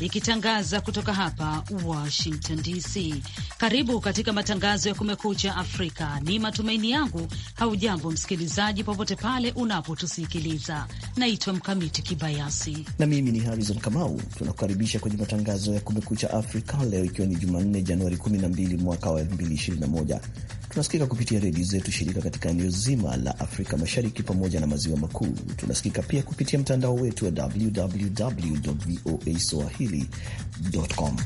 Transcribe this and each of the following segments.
ikitangaza kutoka hapa Washington DC. Karibu katika matangazo ya Kumekucha Afrika. Ni matumaini yangu haujambo msikilizaji, popote pale unapotusikiliza. Naitwa Mkamiti Kibayasi na mimi ni Harrison Kamau. Tunakukaribisha kwenye matangazo ya Kumekucha Afrika leo ikiwa ni Jumanne, Januari 12 mwaka wa 2021. Tunasikika kupitia redio zetu shirika katika eneo zima la Afrika Mashariki pamoja na maziwa makuu. Tunasikika pia kupitia mtandao wetu wa www voa swahili swahili.com.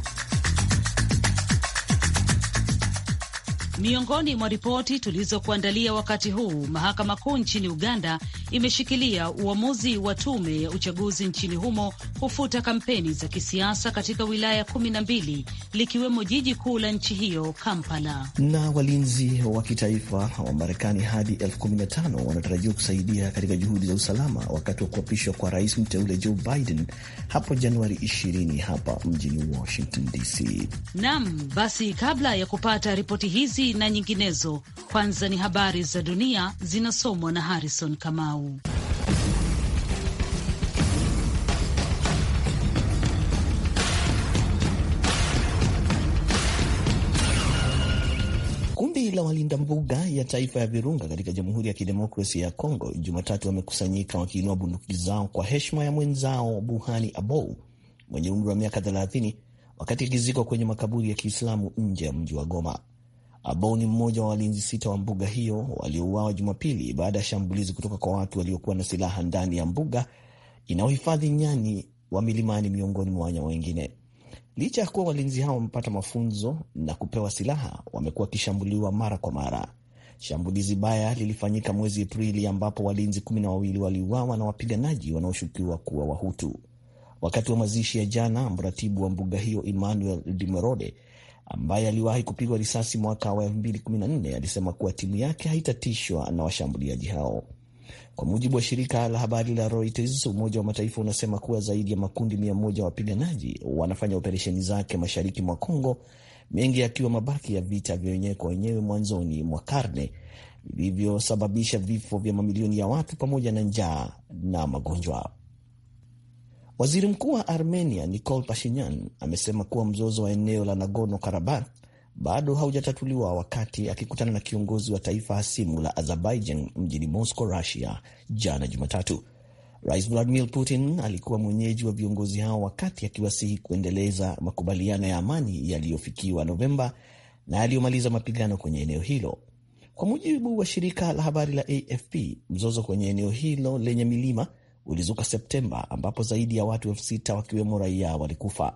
Miongoni mwa ripoti tulizokuandalia wakati huu, mahakama kuu nchini Uganda imeshikilia uamuzi wa tume ya uchaguzi nchini humo kufuta kampeni za kisiasa katika wilaya kumi na mbili likiwemo jiji kuu la nchi hiyo Kampala. Na walinzi wa kitaifa wa Marekani hadi elfu kumi na tano wanatarajiwa kusaidia katika juhudi za usalama wakati wa kuapishwa kwa rais mteule Joe Biden hapo Januari 20 hapa mjini Washington DC. Nam, basi kabla ya kupata ripoti hizi habari na nyinginezo. Kwanza ni habari za dunia zinasomwa na Harrison Kamau. Kundi la walinda mbuga ya taifa ya Virunga katika Jamhuri ya Kidemokrasia ya Kongo Jumatatu wamekusanyika wakiinua bunduki zao kwa heshima ya mwenzao Buhani Abou mwenye umri wa miaka 30 wakati akizikwa kwenye makaburi ya Kiislamu nje ya mji wa Goma ambao ni mmoja wa walinzi sita wa mbuga hiyo waliouawa Jumapili baada ya shambulizi kutoka kwa watu waliokuwa na silaha ndani ya mbuga inayohifadhi nyani wa milimani miongoni mwa wanyama wengine. Licha ya kuwa walinzi hao wamepata mafunzo na kupewa silaha, wamekuwa wakishambuliwa mara kwa mara. Shambulizi baya lilifanyika mwezi Aprili ambapo walinzi kumi na wawili waliuawa na wapiganaji wanaoshukiwa kuwa Wahutu. Wakati wa mazishi ya jana, mratibu wa mbuga hiyo Emmanuel Dimerode ambaye aliwahi kupigwa risasi mwaka wa 2014 alisema kuwa timu yake haitatishwa na washambuliaji hao. Kwa mujibu wa shirika la habari la Reuters, Umoja wa Mataifa unasema kuwa zaidi ya makundi mia moja wapiganaji wanafanya operesheni zake mashariki mwa Kongo, mengi yakiwa mabaki ya vita vya wenyewe kwa wenyewe mwanzoni mwa karne vilivyosababisha vifo vya mamilioni ya watu pamoja na njaa na magonjwa. Waziri Mkuu wa Armenia Nikol Pashinyan amesema kuwa mzozo wa eneo la Nagorno Karabakh bado haujatatuliwa wakati akikutana na kiongozi wa taifa hasimu la Azerbaijan mjini Moscow, Russia jana Jumatatu. Rais Vladimir Putin alikuwa mwenyeji wa viongozi hao wakati akiwasihi kuendeleza makubaliano ya amani yaliyofikiwa Novemba na yaliyomaliza mapigano kwenye eneo hilo. Kwa mujibu wa shirika la habari la AFP, mzozo kwenye eneo hilo lenye milima ulizuka Septemba ambapo zaidi ya watu elfu sita wakiwemo raia walikufa.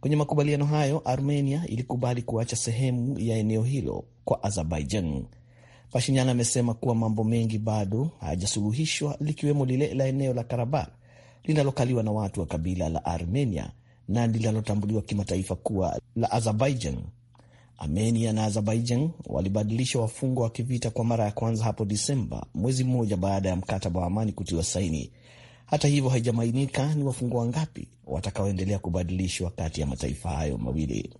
Kwenye makubaliano hayo, Armenia ilikubali kuacha sehemu ya eneo hilo kwa Azerbaijan. Pashinyan amesema kuwa mambo mengi bado hayajasuluhishwa likiwemo lile la eneo la Karabakh linalokaliwa na watu wa kabila la Armenia na linalotambuliwa kimataifa kuwa la Azerbaijan Armenia na Azerbaijan walibadilisha wafungwa wa kivita kwa mara ya kwanza hapo Disemba, mwezi mmoja baada ya mkataba wa amani kutiwa saini. Hata hivyo, haijamainika ni wafungwa wangapi watakaoendelea kubadilishwa kati ya mataifa hayo mawili.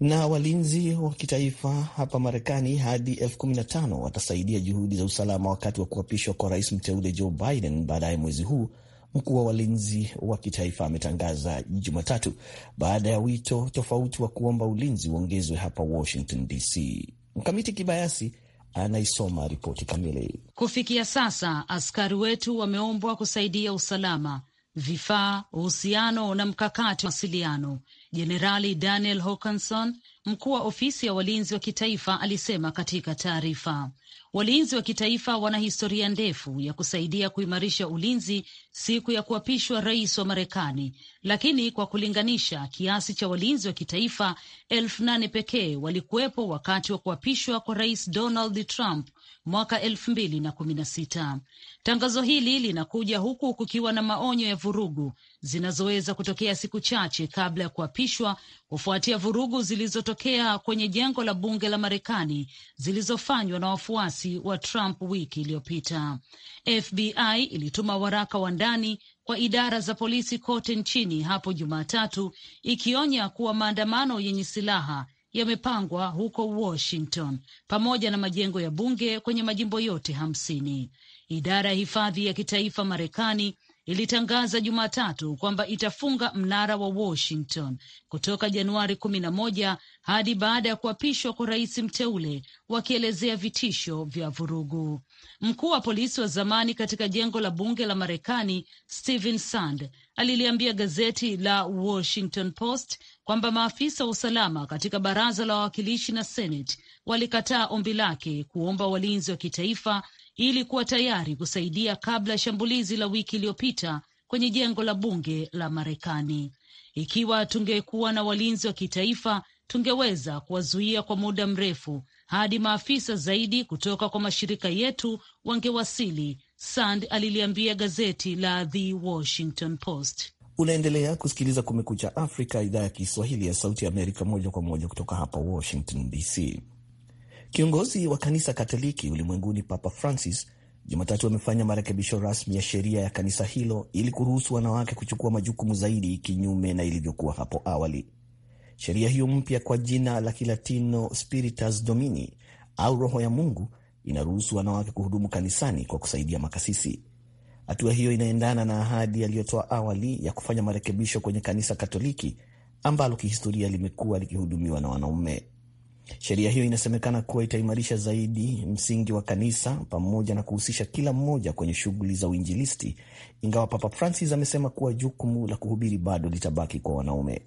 Na walinzi wa kitaifa hapa Marekani hadi elfu 15 watasaidia juhudi za usalama wakati wa kuapishwa kwa rais mteule Joe Biden baadaye mwezi huu mkuu wa walinzi wa kitaifa ametangaza Jumatatu baada ya wito tofauti wa kuomba ulinzi uongezwe hapa Washington DC. Mkamiti Kibayasi anaisoma ripoti kamili. Kufikia sasa askari wetu wameombwa kusaidia usalama vifaa, uhusiano na mkakati wa mawasiliano. Jenerali Daniel Hokanson, mkuu wa ofisi ya walinzi wa kitaifa, alisema katika taarifa, walinzi wa kitaifa wana historia ndefu ya kusaidia kuimarisha ulinzi siku ya kuapishwa rais wa Marekani, lakini kwa kulinganisha, kiasi cha walinzi wa kitaifa elfu nane pekee walikuwepo wakati wa kuapishwa kwa rais Donald Trump mwaka elfu mbili na kumi na sita. Tangazo hili linakuja huku kukiwa na maonyo ya vurugu zinazoweza kutokea siku chache kabla ya kuapishwa kufuatia vurugu zilizotokea kwenye jengo la bunge la Marekani zilizofanywa na wafuasi wa Trump wiki iliyopita. FBI ilituma waraka wa ndani kwa idara za polisi kote nchini hapo Jumatatu ikionya kuwa maandamano yenye silaha yamepangwa huko Washington pamoja na majengo ya bunge kwenye majimbo yote hamsini. Idara ya hifadhi ya kitaifa Marekani ilitangaza Jumatatu kwamba itafunga mnara wa Washington kutoka Januari kumi na moja hadi baada ya kuapishwa kwa rais mteule, wakielezea vitisho vya vurugu. Mkuu wa polisi wa zamani katika jengo la bunge la Marekani Stephen Sand aliliambia gazeti la Washington Post kwamba maafisa wa usalama katika baraza la wawakilishi na seneti walikataa ombi lake kuomba walinzi wa kitaifa ili kuwa tayari kusaidia kabla ya shambulizi la wiki iliyopita kwenye jengo la bunge la Marekani. Ikiwa tungekuwa na walinzi wa kitaifa, tungeweza kuwazuia kwa muda mrefu hadi maafisa zaidi kutoka kwa mashirika yetu wangewasili, Sand aliliambia gazeti la The Washington Post. Unaendelea kusikiliza Kumekucha Afrika, idhaa ya Kiswahili ya Sauti Amerika, moja kwa moja kutoka hapa Washington DC. Kiongozi wa kanisa Katoliki ulimwenguni Papa Francis Jumatatu amefanya marekebisho rasmi ya sheria ya kanisa hilo ili kuruhusu wanawake kuchukua majukumu zaidi, kinyume na ilivyokuwa hapo awali. Sheria hiyo mpya kwa jina la Kilatino Spiritus Domini au roho ya Mungu inaruhusu wanawake kuhudumu kanisani kwa kusaidia makasisi. Hatua hiyo inaendana na ahadi aliyotoa awali ya kufanya marekebisho kwenye kanisa Katoliki ambalo kihistoria limekuwa likihudumiwa na wanaume. Sheria hiyo inasemekana kuwa itaimarisha zaidi msingi wa kanisa pamoja na kuhusisha kila mmoja kwenye shughuli za uinjilisti, ingawa Papa Francis amesema kuwa jukumu la kuhubiri bado litabaki kwa wanaume.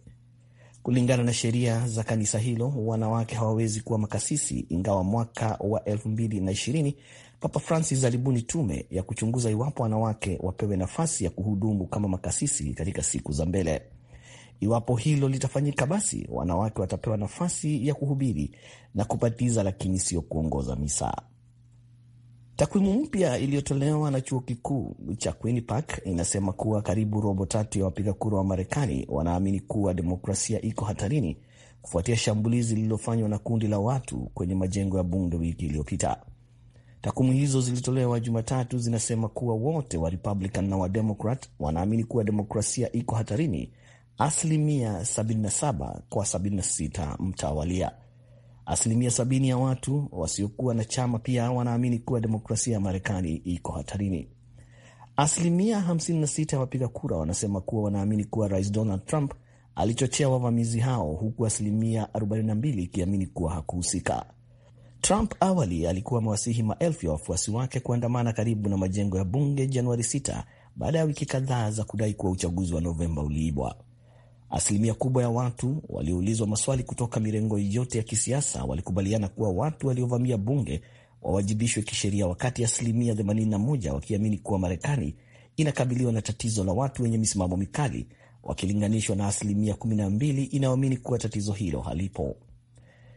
Kulingana na sheria za kanisa hilo, wanawake hawawezi kuwa makasisi, ingawa mwaka wa 2020 Papa Francis alibuni tume ya kuchunguza iwapo wanawake wapewe nafasi ya kuhudumu kama makasisi katika siku za mbele. Iwapo hilo litafanyika, basi wanawake watapewa nafasi ya kuhubiri na kubatiza, lakini sio kuongoza misa. Takwimu mpya iliyotolewa na chuo kikuu cha Quinnipiac inasema kuwa karibu robo tatu ya wapiga kura wa Marekani wanaamini kuwa demokrasia iko hatarini kufuatia shambulizi lililofanywa na kundi la watu kwenye majengo ya bunge wiki iliyopita. Takwimu hizo zilitolewa Jumatatu zinasema kuwa wote wa Republican na wa Democrat wanaamini kuwa demokrasia iko hatarini, asilimia 77 kwa 76 mtawalia. Asilimia 70 ya watu wasiokuwa na chama pia wanaamini kuwa demokrasia ya Marekani iko hatarini. Asilimia 56 ya wapiga kura wanasema kuwa wanaamini kuwa Rais Donald Trump alichochea wavamizi hao, huku asilimia 42 ikiamini kuwa hakuhusika. Trump awali alikuwa amewasihi maelfu ya wafuasi wake kuandamana karibu na majengo ya bunge Januari 6 baada ya wiki kadhaa za kudai kuwa uchaguzi wa Novemba uliibwa. Asilimia kubwa ya watu walioulizwa maswali kutoka mirengo yote ya kisiasa walikubaliana kuwa watu waliovamia bunge wawajibishwe kisheria, wakati asilimia 81 wakiamini kuwa Marekani inakabiliwa na tatizo la watu wenye misimamo mikali wakilinganishwa na asilimia 12 inayoamini kuwa tatizo hilo halipo.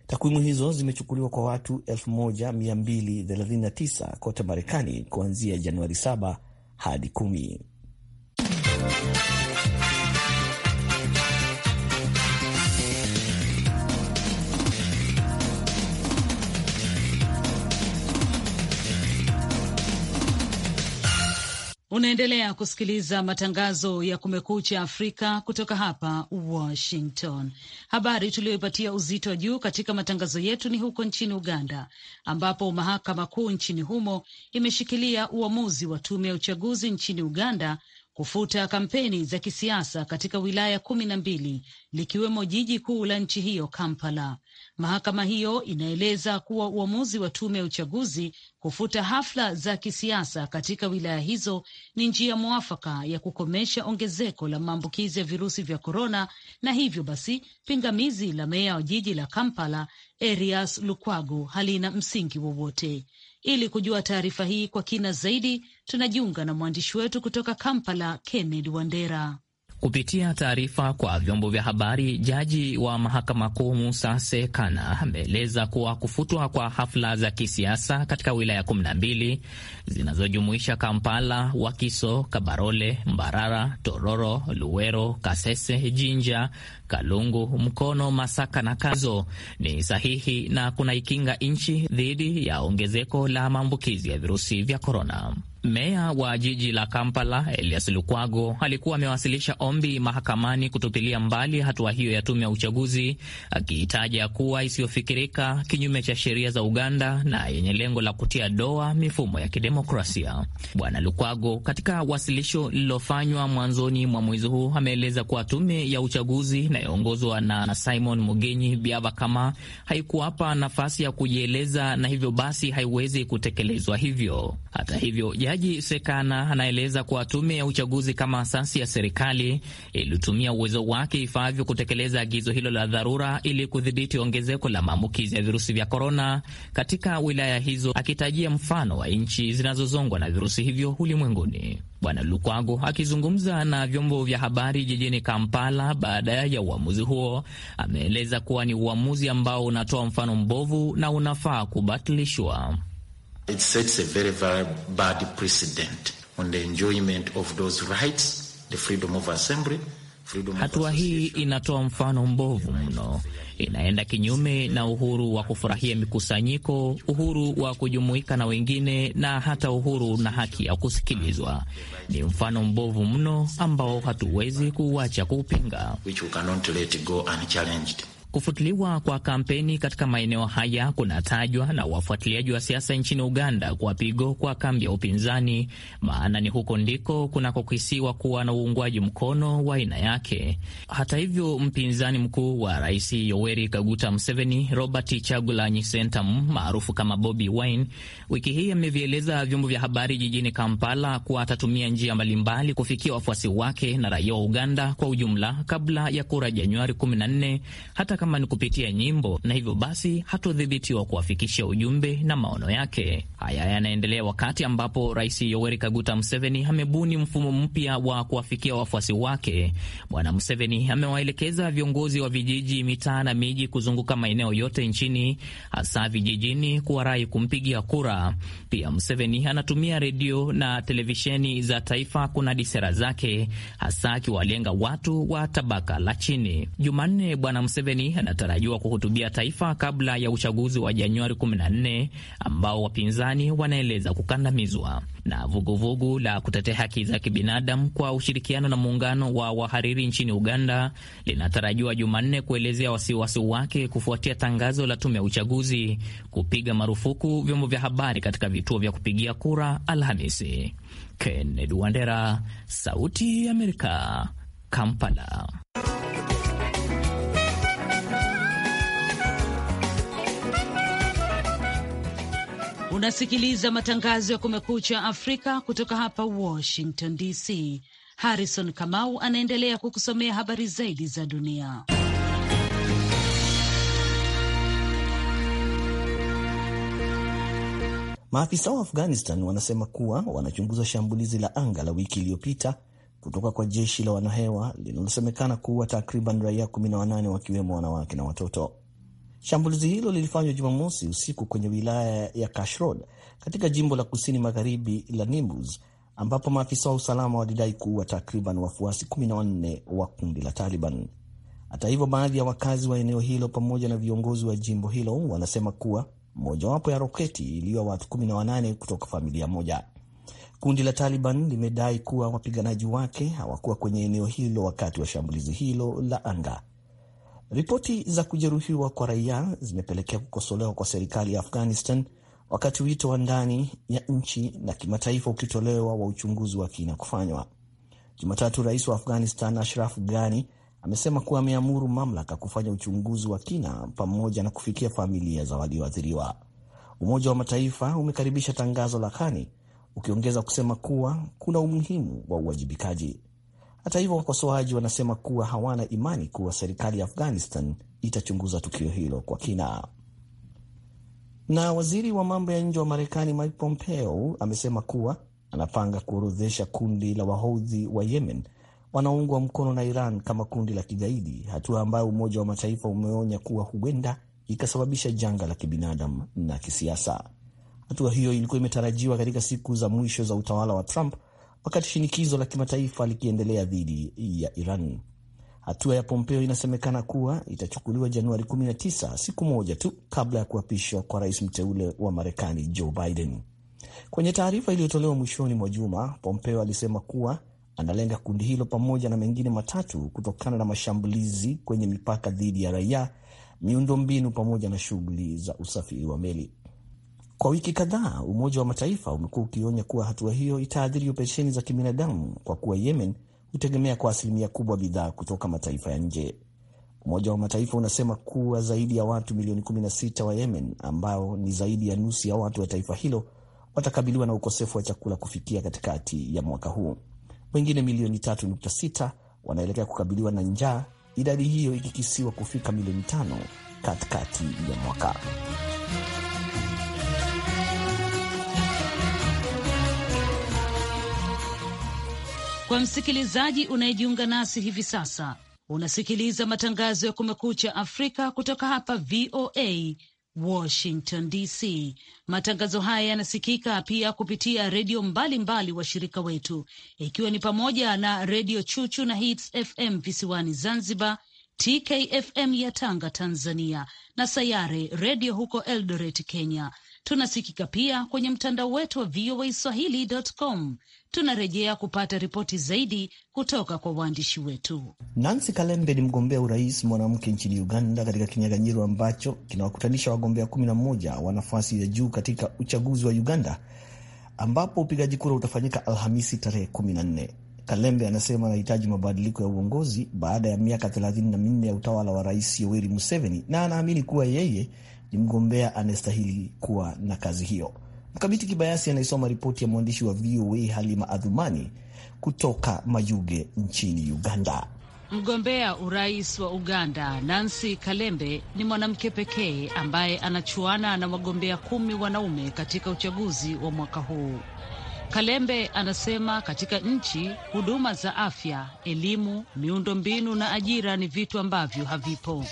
Takwimu hizo zimechukuliwa kwa watu 1239 kote Marekani kuanzia Januari 7 hadi 10. Unaendelea kusikiliza matangazo ya Kumekucha Afrika kutoka hapa Washington. Habari tuliyoipatia uzito wa juu katika matangazo yetu ni huko nchini Uganda, ambapo mahakama kuu nchini humo imeshikilia uamuzi wa tume ya uchaguzi nchini Uganda kufuta kampeni za kisiasa katika wilaya kumi na mbili likiwemo jiji kuu la nchi hiyo Kampala. Mahakama hiyo inaeleza kuwa uamuzi wa tume ya uchaguzi kufuta hafla za kisiasa katika wilaya hizo ni njia mwafaka ya kukomesha ongezeko la maambukizi ya virusi vya korona, na hivyo basi pingamizi la meya wa jiji la Kampala Erias Lukwago halina msingi wowote. Ili kujua taarifa hii kwa kina zaidi, tunajiunga na mwandishi wetu kutoka Kampala, Kennedy Wandera. Kupitia taarifa kwa vyombo vya habari, jaji wa mahakama kuu Musa Sekana ameeleza kuwa kufutwa kwa hafla za kisiasa katika wilaya 12 zinazojumuisha Kampala, Wakiso, Kabarole, Mbarara, Tororo, Luwero, Kasese, Jinja, Kalungu, Mkono, Masaka na Kazo ni sahihi na kunaikinga nchi dhidi ya ongezeko la maambukizi ya virusi vya korona. Meya wa jiji la Kampala Elias Lukwago alikuwa amewasilisha ombi mahakamani kutupilia mbali hatua hiyo ya tume ya uchaguzi, akiitaja kuwa isiyofikirika, kinyume cha sheria za Uganda na yenye lengo la kutia doa mifumo ya kidemokrasia. Bwana Lukwago, katika wasilisho lililofanywa mwanzoni mwa mwezi huu, ameeleza kuwa tume ya uchaguzi inayoongozwa na Simon Mugenyi Byabakama haikuwapa nafasi ya kujieleza na hivyo basi haiwezi kutekelezwa hivyo. Hata hivyo jaji Sekana anaeleza kuwa tume ya uchaguzi kama asasi ya serikali ilitumia uwezo wake ifaavyo kutekeleza agizo hilo la dharura ili kudhibiti ongezeko la maambukizi ya virusi vya korona katika wilaya hizo, akitajia mfano wa nchi zinazozongwa na virusi hivyo ulimwenguni. Bwana Lukwago akizungumza na vyombo vya habari jijini Kampala baada ya uamuzi huo, ameeleza kuwa ni uamuzi ambao unatoa mfano mbovu na unafaa kubatilishwa. It sets a very, very bad precedent on the enjoyment of those rights, the freedom of assembly, freedom of hatua hii inatoa mfano mbovu mno, inaenda kinyume na uhuru wa kufurahia mikusanyiko, uhuru wa kujumuika na wengine, na hata uhuru na haki ya kusikilizwa. Ni mfano mbovu mno ambao hatuwezi kuuacha kuupinga. Kufutiliwa kwa kampeni katika maeneo haya kunatajwa na wafuatiliaji wa siasa nchini Uganda kwa pigo kwa kambi ya upinzani, maana ni huko ndiko kunakokisiwa kuwa na uungwaji mkono wa aina yake. Hata hivyo, mpinzani mkuu wa Rais Yoweri Kaguta Museveni, Robert Chagulanyi Sentamu maarufu kama Bobi Wine, wiki hii amevieleza vyombo vya habari jijini Kampala kuwa atatumia njia mbalimbali kufikia wafuasi wake na raia wa Uganda kwa ujumla kabla ya kura Januari 14 hata kama ni kupitia nyimbo, na hivyo basi hatodhibitiwa kuwafikishia ujumbe na maono yake. Haya yanaendelea wakati ambapo Rais Yoweri Kaguta Museveni amebuni mfumo mpya wa kuwafikia wafuasi wake. Bwana Museveni amewaelekeza viongozi wa vijiji, mitaa na miji kuzunguka maeneo yote nchini, hasa vijijini, kuwarai kumpigia kura. Pia Museveni anatumia redio na televisheni za taifa kunadi sera zake, hasa akiwalenga watu wa tabaka la chini. Jumanne Bwana Museveni anatarajiwa kuhutubia taifa kabla ya uchaguzi wa Januari 14 ambao wapinzani wanaeleza kukandamizwa na vuguvugu vugu la kutetea haki za kibinadamu kwa ushirikiano na muungano wa wahariri nchini Uganda linatarajiwa Jumanne kuelezea wasiwasi wake kufuatia tangazo la tume ya uchaguzi kupiga marufuku vyombo vya habari katika vituo vya kupigia kura Alhamisi. Kennedy Wandera, Sauti ya Amerika, Kampala. Unasikiliza matangazo ya Kumekucha Afrika kutoka hapa Washington DC. Harrison Kamau anaendelea kukusomea habari zaidi za dunia. Maafisa wa Afghanistan wanasema kuwa wanachunguza shambulizi la anga la wiki iliyopita kutoka kwa jeshi la wanahewa linalosemekana kuua takriban raia 18 wakiwemo wanawake na watoto. Shambulizi hilo lilifanywa Jumamosi usiku kwenye wilaya ya Kashrod katika jimbo la kusini magharibi la Nimbus, ambapo maafisa wa usalama walidai kuua takriban wafuasi 14 wa kundi la Taliban. Hata hivyo, baadhi ya wakazi wa eneo hilo pamoja na viongozi wa jimbo hilo wanasema kuwa mojawapo ya roketi iliyo watu 18 kutoka familia moja. Kundi la Taliban limedai kuwa wapiganaji wake hawakuwa kwenye eneo hilo wakati wa shambulizi hilo la anga. Ripoti za kujeruhiwa kwa raia zimepelekea kukosolewa kwa serikali ya Afghanistan, wakati wito wa ndani ya nchi na kimataifa ukitolewa wa uchunguzi wa kina kufanywa. Jumatatu, rais wa Afghanistan Ashraf Ghani amesema kuwa ameamuru mamlaka kufanya uchunguzi wa kina pamoja na kufikia familia za walioathiriwa. Umoja wa Mataifa umekaribisha tangazo la Ghani ukiongeza kusema kuwa kuna umuhimu wa uwajibikaji. Hata hivyo, wakosoaji wanasema kuwa hawana imani kuwa serikali ya Afghanistan itachunguza tukio hilo kwa kina. Na waziri wa mambo ya nje wa Marekani Mike Pompeo amesema kuwa anapanga kuorodhesha kundi la wahodhi wa Yemen wanaoungwa mkono na Iran kama kundi la kigaidi, hatua ambayo Umoja wa Mataifa umeonya kuwa huenda ikasababisha janga la kibinadamu na kisiasa. Hatua hiyo ilikuwa imetarajiwa katika siku za mwisho za utawala wa Trump wakati shinikizo la kimataifa likiendelea dhidi ya Iran. Hatua ya Pompeo inasemekana kuwa itachukuliwa Januari 19, siku moja tu kabla ya kuapishwa kwa rais mteule wa Marekani Joe Biden. Kwenye taarifa iliyotolewa mwishoni mwa juma, Pompeo alisema kuwa analenga kundi hilo pamoja na mengine matatu kutokana na mashambulizi kwenye mipaka dhidi ya raia, miundombinu pamoja na shughuli za usafiri wa meli. Kwa wiki kadhaa, Umoja wa Mataifa umekuwa ukionya kuwa hatua hiyo itaathiri operesheni za kibinadamu kwa kuwa Yemen hutegemea kwa asilimia kubwa bidhaa kutoka mataifa ya nje. Umoja wa Mataifa unasema kuwa zaidi ya watu milioni 16 wa Yemen, ambao ni zaidi ya nusu ya watu wa taifa hilo, watakabiliwa na ukosefu wa chakula kufikia katikati ya mwaka huu. Wengine milioni 3.6 wanaelekea kukabiliwa na njaa, idadi hiyo ikikisiwa kufika milioni tano katikati ya mwaka. Kwa msikilizaji unayejiunga nasi hivi sasa, unasikiliza matangazo ya Kumekucha Afrika kutoka hapa VOA Washington DC. Matangazo haya yanasikika pia kupitia redio mbalimbali washirika wetu, ikiwa ni pamoja na redio Chuchu na Hits FM visiwani Zanzibar, TKFM ya Tanga Tanzania, na Sayare redio huko Eldoret Kenya. Tunasikika pia kwenye mtandao wetu wa VOA Swahili.com. Tunarejea kupata ripoti zaidi kutoka kwa waandishi wetu. Nancy Kalembe ni mgombea urais mwanamke nchini Uganda, katika kinyang'anyiro ambacho kinawakutanisha wagombea 11 wa nafasi ya juu katika uchaguzi wa Uganda, ambapo upigaji kura utafanyika Alhamisi tarehe 14. Kalembe anasema anahitaji mabadiliko ya uongozi baada ya miaka 34 ya utawala wa Rais Yoweri Museveni, na anaamini kuwa yeye ni mgombea anayestahili kuwa na kazi hiyo. Mkamiti Kibayasi anaisoma ripoti ya mwandishi wa VOA Halima Adhumani kutoka Mayuge nchini Uganda. Mgombea urais wa Uganda Nancy Kalembe ni mwanamke pekee ambaye anachuana na wagombea kumi wanaume katika uchaguzi wa mwaka huu. Kalembe anasema katika nchi, huduma za afya, elimu, miundombinu na ajira ni vitu ambavyo havipo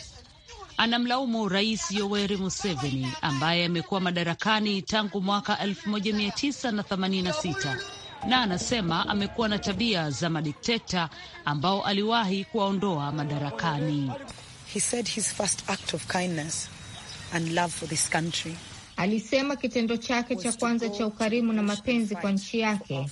anamlaumu Rais Yoweri Museveni ambaye amekuwa madarakani tangu mwaka 1986 na anasema amekuwa na tabia za madikteta ambao aliwahi kuwaondoa madarakani. He said his first act of kindness and love for this country Alisema kitendo chake cha kwanza cha ukarimu na mapenzi kwa nchi yake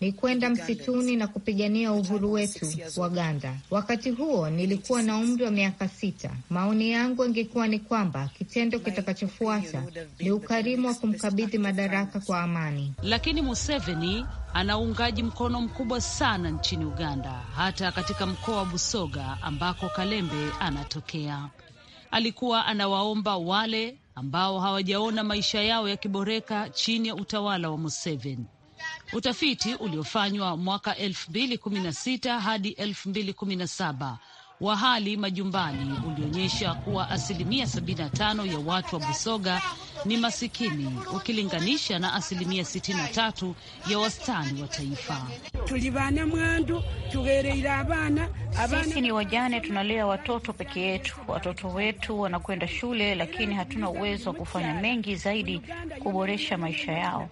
ni kwenda msituni na kupigania uhuru wetu wa uganda Wakati huo nilikuwa na umri wa miaka sita. Maoni yangu angekuwa ni kwamba kitendo kitakachofuata ni ukarimu wa kumkabidhi madaraka kwa amani. Lakini Museveni ana uungaji mkono mkubwa sana nchini Uganda, hata katika mkoa wa Busoga ambako Kalembe anatokea. Alikuwa anawaomba wale ambao hawajaona maisha yao yakiboreka chini ya utawala wa Museveni. Utafiti uliofanywa mwaka 2016 hadi 2017 wa hali majumbani ulionyesha kuwa asilimia 75 ya watu wa Busoga ni masikini ukilinganisha na asilimia 63 ya wastani wa taifa. Sisi ni wajane, tunalea watoto peke yetu. Watoto wetu wanakwenda shule, lakini hatuna uwezo wa kufanya mengi zaidi kuboresha maisha yao.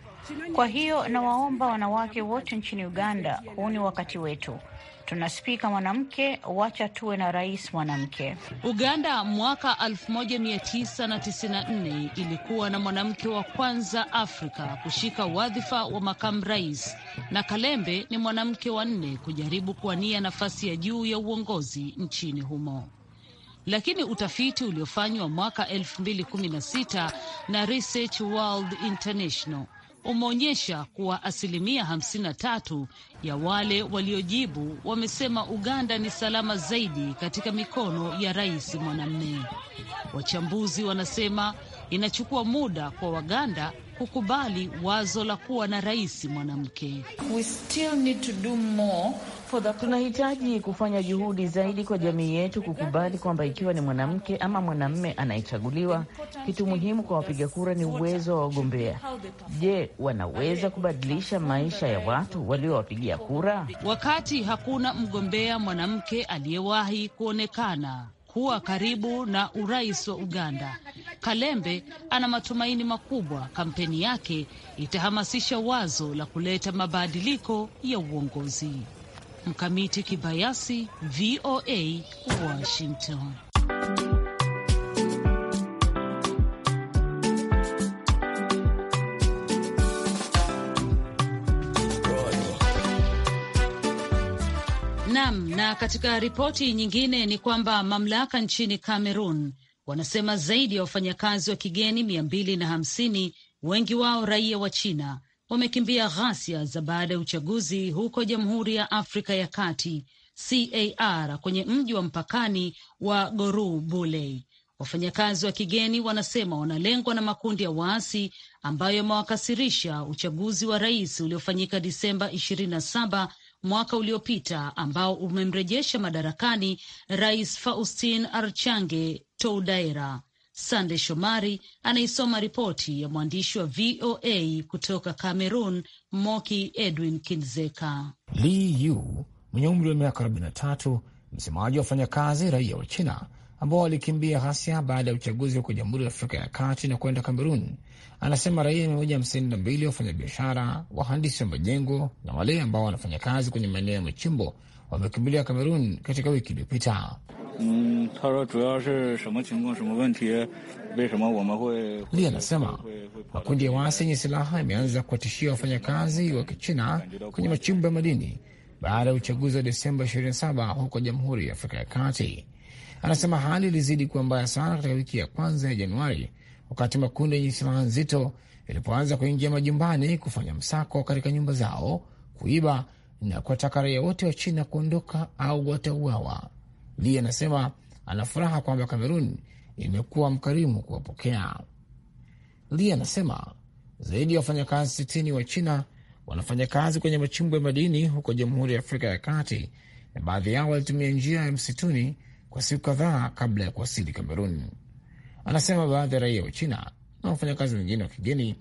Kwa hiyo nawaomba wanawake wote nchini Uganda, huu ni wakati wetu. Tuna spika mwanamke, wacha tuwe na rais mwanamke. Uganda mwaka 1994 ilikuwa na mwanamke wa kwanza Afrika kushika wadhifa wa makamu rais, na Kalembe ni mwanamke wa nne kujaribu kuwania nafasi ya juu ya uongozi nchini humo. Lakini utafiti uliofanywa mwaka 2016 na Research World International umeonyesha kuwa asilimia 53 ya wale waliojibu wamesema Uganda ni salama zaidi katika mikono ya rais mwanamume. Wachambuzi wanasema inachukua muda kwa Waganda kukubali wazo la kuwa na rais mwanamke. Tunahitaji kufanya juhudi zaidi kwa jamii yetu kukubali kwamba ikiwa ni mwanamke ama mwanamme anayechaguliwa, kitu muhimu kwa wapiga kura ni uwezo wa wagombea. Je, wanaweza kubadilisha maisha ya watu waliowapigia kura? Wakati hakuna mgombea mwanamke aliyewahi kuonekana kuwa karibu na urais wa Uganda. Kalembe ana matumaini makubwa kampeni yake itahamasisha wazo la kuleta mabadiliko ya uongozi. Mkamiti Kibayasi, VOA, Washington. Na katika ripoti nyingine ni kwamba mamlaka nchini Cameroon wanasema zaidi ya wafanyakazi wa kigeni mia mbili na hamsini, wengi wao raia wa China, wamekimbia ghasia za baada ya uchaguzi huko Jamhuri ya Afrika ya Kati CAR kwenye mji wa mpakani wa Goru Buley. Wafanyakazi wa kigeni wanasema wanalengwa na makundi ya waasi ambayo yamewakasirisha uchaguzi wa rais uliofanyika Disemba 27 mwaka uliopita ambao umemrejesha madarakani Rais Faustin Archange Toudaira. Sande Shomari anaisoma ripoti ya mwandishi wa VOA kutoka Cameroon, Moki Edwin Kinzeka. Li Yu mwenye umri wa miaka 43, msemaji wa wafanyakazi raia wa China ambao walikimbia ghasia baada ya uchaguzi huko Jamhuri ya Afrika ya Kati na kwenda Kamerun. Anasema raia mia moja hamsini na mbili wafanyabiashara, wahandisi wa majengo na wale ambao wanafanya kazi kwenye maeneo ya machimbo wamekimbilia Kamerun katika wiki iliyopita. li anasema makundi ya waasi yenye silaha yameanza kuwatishia wafanyakazi wa Kichina kwenye machimbo ya madini baada ya uchaguzi wa Desemba 27 huko Jamhuri ya Afrika ya Kati. Anasema hali ilizidi kuwa mbaya sana katika wiki ya kwanza ya Januari, wakati makundi yenye silaha nzito yalipoanza kuingia majumbani, kufanya msako katika nyumba zao, kuiba na kuwataka raia wote wa China kuondoka au watauawa. Li anasema ana furaha kwamba Kamerun imekuwa mkarimu kuwapokea. Li anasema zaidi ya wafanyakazi sitini wa China wanafanya kazi kwenye machimbo ya madini huko Jamhuri ya Afrika ya Kati, na baadhi yao walitumia njia ya msituni kwa siku kadhaa kabla ya kuwasili Kamerun. Anasema baadhi ya raia wa China na wafanyakazi wengine wa kigeni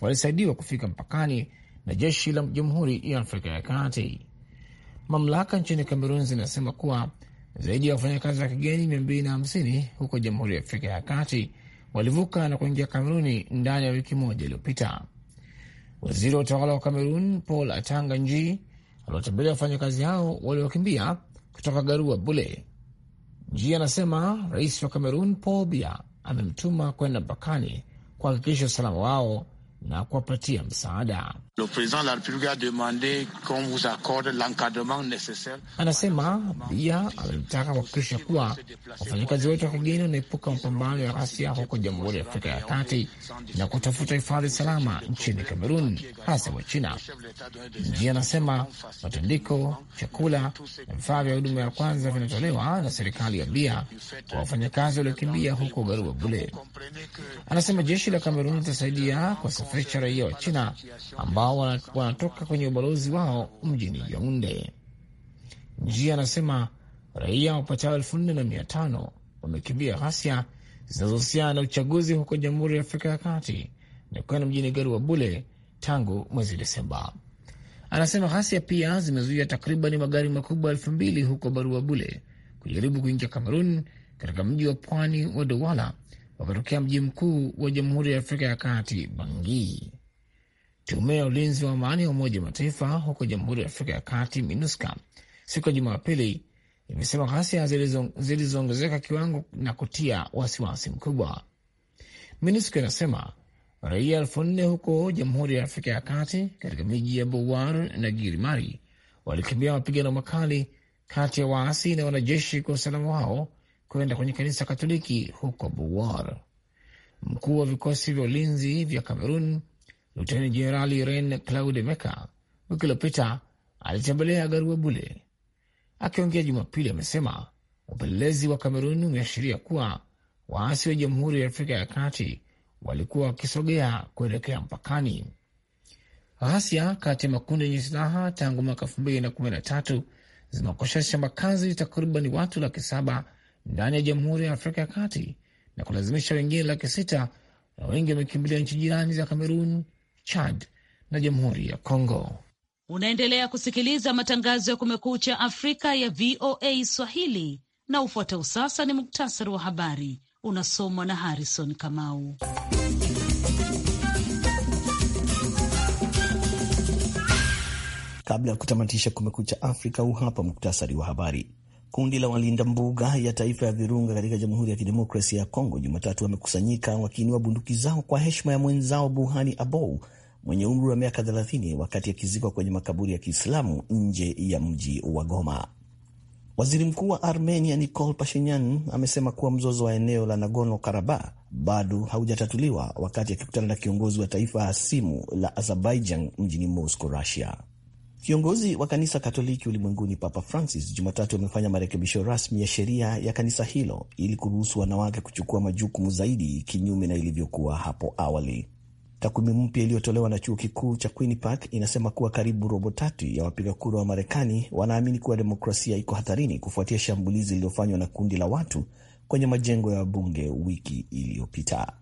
walisaidiwa kufika mpakani na jeshi la Jamhuri ya Afrika ya Kati. Mamlaka nchini Kamerun zinasema kuwa zaidi ya wafanyakazi wa kigeni mia mbili na hamsini huko Jamhuri ya Afrika ya Kati walivuka na kuingia Kameruni ndani ya wiki moja iliyopita. Waziri wa utawala wa Kamerun Paul Atanga Nji aliwatembelea wafanyakazi hao waliokimbia kutoka Garua Bule Ji anasema rais wa Kamerun Paul Bia amemtuma kwenda mpakani kuhakikisha usalama wao na kuwapatia msaada. Le président de la République a demandé qu'on vous accorde l'encadrement nécessaire. Anasema pia ametaka kuhakikisha kuwa wafanyakazi wote wa kigeni wanaepuka mapambano ya ghasia huko Jamhuri ya Afrika ya Kati na kutafuta hifadhi salama nchini Kamerun, hasa wa China. Njia anasema matandiko, chakula na vifaa vya huduma ya kwanza vinatolewa na serikali ya Bia kwa wafanyakazi waliokimbia huko Garua Bule. Anasema jeshi la Kamerun litasaidia kuwasafirisha raia wa China ambao ambao wanatoka kwenye ubalozi wao mjini Yaunde. Njia anasema raia wapatao elfu nne na mia tano wamekimbia ghasia zinazohusiana na uchaguzi huko Jamhuri ya Afrika ya Kati na kwenda mjini garoua bule tangu mwezi Desemba. Anasema ghasia pia zimezuia takriban magari makubwa elfu mbili huko bule kujaribu kuingia Kamerun katika mji wa pwani wa Douala wakatokea mji mkuu wa Jamhuri ya Afrika ya Kati Bangui. Tume ya ulinzi wa amani ya Umoja wa Mataifa huko Jamhuri ya Afrika ya Kati, MINUSCA, siku ya Jumapili imesema ghasia zilizoongezeka kiwango na kutia wasiwasi mkubwa. MINUSCA inasema raia elfu nne huko Jamhuri ya Afrika ya Kati, katika miji ya Bouar na Girimari walikimbia mapigano makali kati ya waasi na wanajeshi kwa usalama wao kwenda kwenye kanisa Katoliki huko Bouar. Mkuu wa vikosi vya ulinzi vya Kamerun Luteni Jenerali Ren Claude Meka wiki iliyopita alitembelea Garua Bule. Akiongea Jumapili, amesema upelelezi wa Kamerun umeashiria kuwa waasi wa Jamhuri ya Afrika ya Kati walikuwa wakisogea kuelekea mpakani. Ghasia kati ya makundi yenye silaha tangu mwaka elfu mbili na kumi na tatu zimekosesha makazi takriban watu laki saba ndani ya Jamhuri ya Afrika ya Kati na kulazimisha wengine laki sita na wengi wamekimbilia nchi jirani za Kamerun, Chad na Jamhuri ya congo Unaendelea kusikiliza matangazo ya Kumekucha Afrika ya VOA Swahili, na ufuatao sasa ni muktasari wa habari unasomwa na Harrison Kamau. Kabla ya kutamatisha Kumekucha Afrika, huu hapa muktasari wa habari. Kundi la walinda mbuga ya taifa ya Virunga katika Jamhuri ya Kidemokrasia ya Kongo Jumatatu wamekusanyika wakiinua bunduki zao kwa heshima ya mwenzao Buhani Abou mwenye umri wa miaka 30 wakati akizikwa kwenye makaburi ya Kiislamu nje ya mji wa Goma. Waziri Mkuu wa Armenia Nikol Pashinyan amesema kuwa mzozo wa eneo la Nagorno Karabakh bado haujatatuliwa wakati akikutana na kiongozi wa taifa hasimu la Azerbaijan mjini Moscow, Russia. Kiongozi wa kanisa Katoliki ulimwenguni Papa Francis Jumatatu amefanya marekebisho rasmi ya sheria ya kanisa hilo ili kuruhusu wanawake kuchukua majukumu zaidi, kinyume na ilivyokuwa hapo awali. Takwimu mpya iliyotolewa na chuo kikuu cha Park inasema kuwa karibu robo tatu ya wapiga kura wa Marekani wanaamini kuwa demokrasia iko hatarini kufuatia shambulizi lililofanywa na kundi la watu kwenye majengo ya wabunge wiki iliyopita.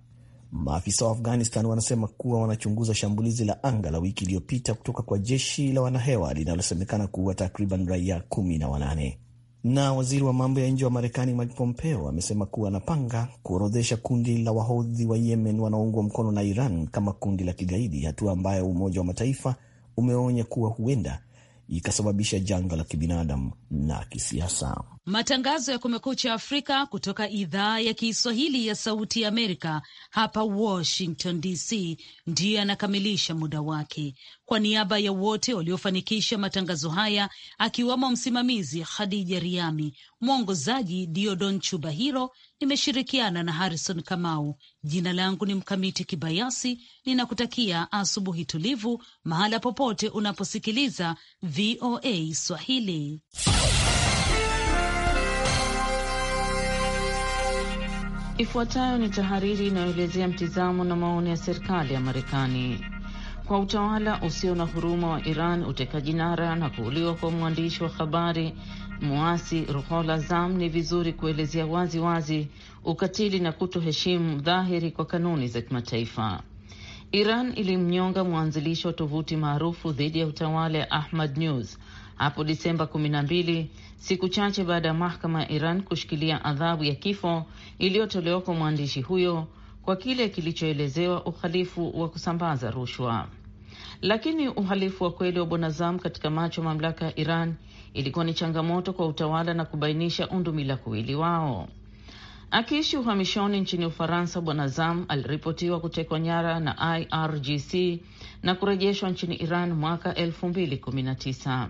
Maafisa wa Afghanistan wanasema kuwa wanachunguza shambulizi la anga la wiki iliyopita kutoka kwa jeshi la wanahewa linalosemekana kuua takriban raia kumi na wanane. Na waziri wa mambo ya nje wa Marekani Mike Pompeo amesema kuwa anapanga kuorodhesha kundi la wahodhi wa Yemen wanaoungwa mkono na Iran kama kundi la kigaidi, hatua ambayo Umoja wa Mataifa umeonya kuwa huenda ikasababisha janga la kibinadamu na kisiasa. Matangazo ya Kumekucha Afrika kutoka idhaa ya Kiswahili ya Sauti ya Amerika hapa Washington DC ndiyo yanakamilisha muda wake. Kwa niaba ya wote waliofanikisha matangazo haya, akiwamo msimamizi Khadija Riami, mwongozaji Diodon Chubahiro, nimeshirikiana na Harrison Kamau. Jina langu ni Mkamiti Kibayasi, ninakutakia asubuhi tulivu mahala popote unaposikiliza VOA Swahili. Ifuatayo ni tahariri inayoelezea mtizamo na maoni ya serikali ya Marekani kwa utawala usio na huruma wa Iran. Utekaji nara na kuuliwa kwa mwandishi wa habari muasi Ruhola Zam, ni vizuri kuelezea wazi wazi ukatili na kutoheshimu dhahiri kwa kanuni za kimataifa. Iran ilimnyonga mwanzilishi wa tovuti maarufu dhidi ya utawala ya Ahmad News hapo Disemba 12 siku chache baada ya mahakama ya Iran kushikilia adhabu ya kifo iliyotolewa kwa mwandishi huyo kwa kile kilichoelezewa uhalifu wa kusambaza rushwa. Lakini uhalifu wa kweli wa Bonazam katika macho ya mamlaka ya Iran ilikuwa ni changamoto kwa utawala na kubainisha undumila kuwili wao. Akiishi uhamishoni nchini Ufaransa, Bonazam aliripotiwa kutekwa nyara na IRGC na kurejeshwa nchini Iran mwaka 2019.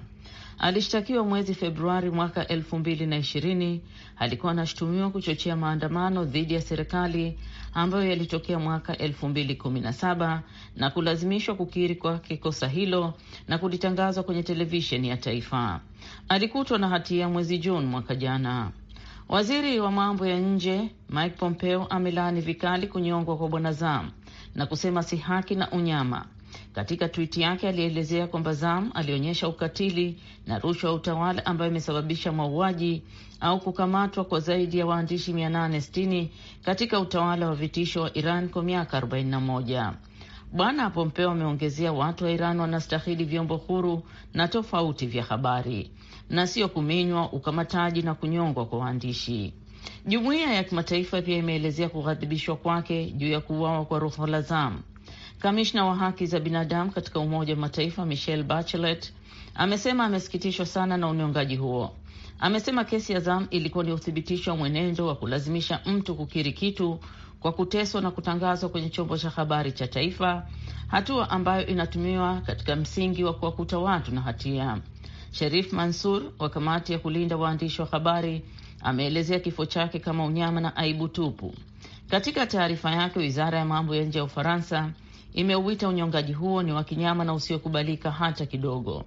Alishtakiwa mwezi Februari mwaka elfu mbili na ishirini. Alikuwa anashutumiwa kuchochea maandamano dhidi ya serikali ambayo yalitokea mwaka elfu mbili kumi na saba na kulazimishwa kukiri kwake kosa hilo na kulitangazwa kwenye televisheni ya taifa. Alikutwa na hatia mwezi Juni mwaka jana. Waziri wa mambo ya nje Mike Pompeo amelaani vikali kunyongwa kwa Bwana Zam na kusema si haki na unyama. Katika twiti yake alielezea kwamba Zam alionyesha ukatili na rushwa ya utawala ambayo imesababisha mauaji au kukamatwa kwa zaidi ya waandishi 860 katika utawala wa vitisho wa Iran kwa miaka 41. Bwana Pompeo ameongezea watu wa Iran wanastahili vyombo huru na tofauti vya habari na sio kuminywa, ukamataji na kunyongwa kwa waandishi. Jumuiya ya kimataifa pia imeelezea kughadhibishwa kwake juu ya kuuawa kwa Ruholazam Kamishna wa haki za binadamu katika Umoja wa Mataifa Michelle Bachelet amesema amesikitishwa sana na unyongaji huo. Amesema kesi ya Zam ilikuwa ni uthibitisho wa mwenendo wa kulazimisha mtu kukiri kitu kwa kuteswa na kutangazwa kwenye chombo cha habari cha taifa, hatua ambayo inatumiwa katika msingi wa kuwakuta watu na hatia. Sherif Mansur wa kamati ya kulinda waandishi wa habari ameelezea kifo chake kama unyama na aibu tupu. Katika taarifa yake, wizara ya mambo ya nje ya Ufaransa imeuita unyongaji huo ni wa kinyama na usiokubalika hata kidogo.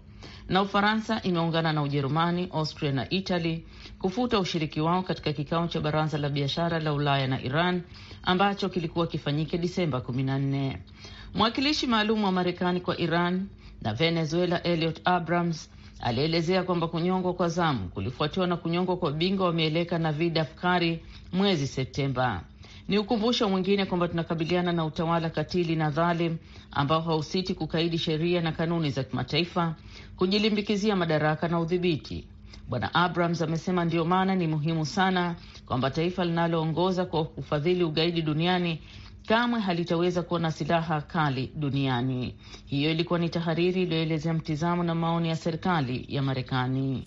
Na Ufaransa imeungana na Ujerumani, Austria na Italy kufuta ushiriki wao katika kikao cha baraza la biashara la Ulaya na Iran ambacho kilikuwa kifanyike Disemba 14. Mwakilishi maalum wa Marekani kwa Iran na Venezuela Elliot Abrams alielezea kwamba kunyongwa kwa Zamu kulifuatiwa na kunyongwa kwa bingwa wa mieleka Navid Afkari mwezi Septemba. Ni ukumbusho mwingine kwamba tunakabiliana na utawala katili na dhalim ambao hausiti kukaidi sheria na kanuni za kimataifa, kujilimbikizia madaraka na udhibiti. Bwana Abrams amesema ndiyo maana ni muhimu sana kwamba taifa linaloongoza kwa ufadhili ugaidi duniani kamwe halitaweza kuwa na silaha kali duniani. Hiyo ilikuwa ni tahariri iliyoelezea mtizamo na maoni ya serikali ya Marekani.